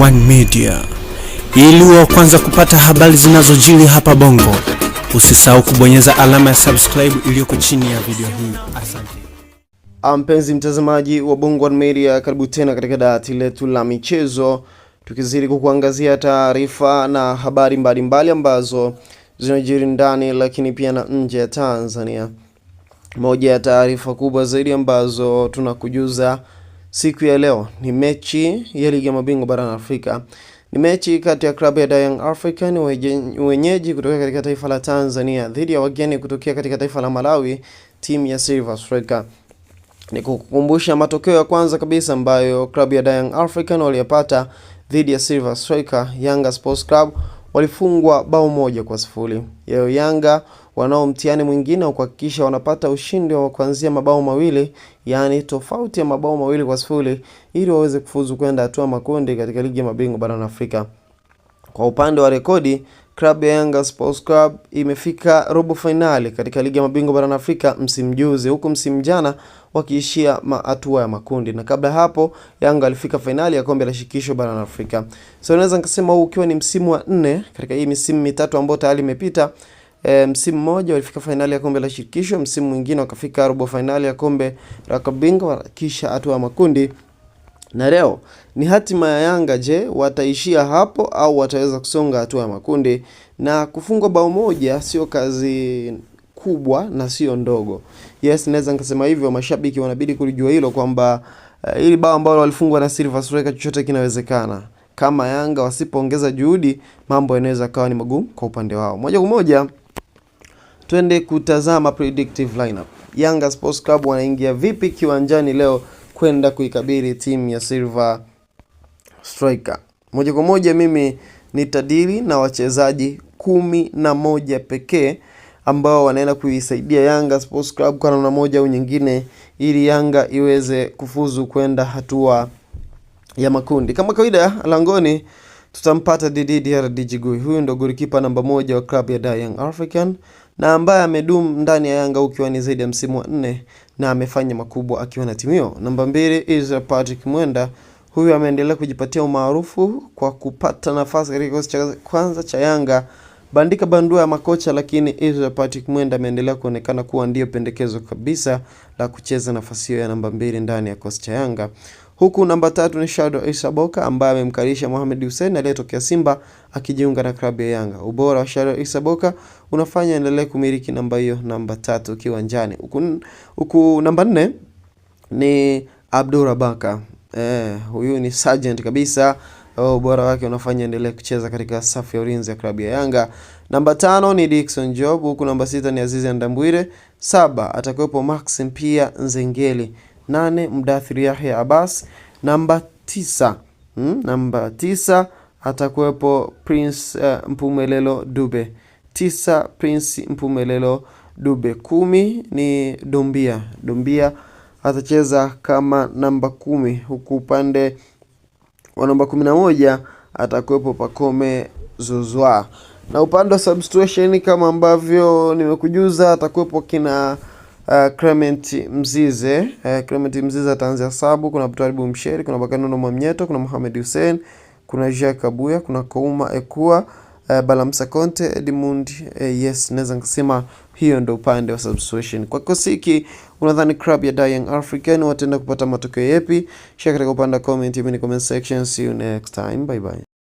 One Media ili wa kwanza kupata habari zinazojiri hapa Bongo. Usisahau kubonyeza alama ya subscribe iliyoko chini ya video hii. Asante ah, mpenzi mtazamaji wa Bongo One Media, karibu tena katika dawati letu la michezo, tukizidi kukuangazia taarifa na habari mbalimbali mbali ambazo zinajiri ndani lakini pia na nje ya Tanzania. Moja ya taarifa kubwa zaidi ambazo tunakujuza siku ya leo ni mechi ya ligi ya mabingwa barani Afrika. Ni mechi kati ya klabu ya Young African wenyeji kutokea katika taifa la Tanzania dhidi ya wageni kutokea katika taifa la Malawi, timu ya Silver Strikers. Ni kukumbusha matokeo ya kwanza kabisa ambayo klabu ya Young African waliyapata dhidi ya Silver Strikers, Yanga Sports Club walifungwa bao moja kwa sifuri. yao Yanga wanao mtihani mwingine wa kuhakikisha wanapata ushindi wa kuanzia mabao mawili, yaani tofauti ya mabao mawili kwa sifuri ili waweze kufuzu kwenda hatua makundi katika ligi ya mabingwa barani Afrika. Kwa upande wa rekodi klabu ya Yanga Sports Club imefika robo fainali katika ligi ya mabingwa barani Afrika msimu juzi, huku msimu jana wakiishia hatua ya makundi, na kabla hapo Yanga alifika fainali ya kombe la shirikisho barani Afrika. So naweza nikasema huu ukiwa ni msimu wa nne katika hii misimu mitatu ambayo tayari imepita. E, msimu mmoja walifika fainali ya kombe la shirikisho, msimu mwingine wakafika robo fainali ya kombe la mabingwa, kisha hatua ya makundi na leo ni hatima ya Yanga. Je, wataishia hapo au wataweza kusonga hatua ya makundi? Na kufungwa bao moja sio kazi kubwa na sio ndogo. Yes, naweza nikasema hivyo, mashabiki wanabidi kulijua hilo kwamba uh, eh, ili bao ambalo walifungwa na Silver Strikers, chochote kinawezekana. Kama Yanga wasipoongeza juhudi, mambo yanaweza kawa ni magumu kwa upande wao. Moja kwa moja twende kutazama predictive lineup. Yanga Sports Club wanaingia vipi kiwanjani leo kwenda kuikabili timu ya Silver Striker. Moja kwa moja mimi nitadili na wachezaji kumi na moja pekee ambao wanaenda kuisaidia Yanga Sports Club kwa namna moja au nyingine, ili Yanga iweze kufuzu kwenda hatua ya makundi. Kama kawaida, langoni tutampata Djigui. Huyu ndo golikipa namba moja wa klabu ya Young African na ambaye amedumu ndani ya Yanga ukiwa ni zaidi ya msimu wa nne na amefanya makubwa akiwa na timu hiyo. Namba mbili, Israel Patrick Mwenda huyu ameendelea kujipatia umaarufu kwa kupata nafasi katika kikosi cha kwanza cha Yanga, bandika bandua ya makocha, lakini Israel Patrick Mwenda ameendelea kuonekana kuwa ndiyo pendekezo kabisa la kucheza nafasi hiyo ya namba mbili ndani ya kikosi cha Yanga huku namba tatu ni Shadow Issa Boka ambaye amemkaribisha Mohamed Hussein aliyetokea Simba akijiunga na klabu ya Yanga. Ubora wa Shadow Issa Boka unafanya endelee kumiliki namba hiyo namba tatu kiwanjani. Huku, huku namba nne ni Abdul Rabaka. Eh, huyu ni sergeant kabisa. Oh, ubora wake unafanya endelee kucheza katika safu ya ulinzi ya klabu ya Yanga. Namba tano ni Dickson Job, huku namba sita ni Azizi Ndambwire. Saba atakuwepo Maxim pia Nzengeli nane Mdathiri Yahya Abbas. Namba tisa, hmm? namba tisa atakuwepo Prince uh, Mpumelelo Dube. Tisa, Prince Mpumelelo Dube. Kumi ni Dombia. Dombia atacheza kama namba kumi, huku upande wa namba kumi na moja atakuwepo Pakome zozwa na upande wa substitution kama ambavyo nimekujuza atakuwepo kina Uh, Clement Mzize uh, Clement Mzize ataanzia sabu. Kuna Abdulrahman Msheri, kuna Bakanono Mwamnyeto, kuna Mohamed Hussein, kuna Jacques Kabuya, kuna Kouma Ekua, uh, Balamsa Conte, Edmund uh, yes, naweza ngasema hiyo ndio upande wa substitution. Kwa kikosi hiki unadhani club ya Young African wataenda kupata matokeo yepi Share katika upande wa comment, comment section. See you next time, bye bye.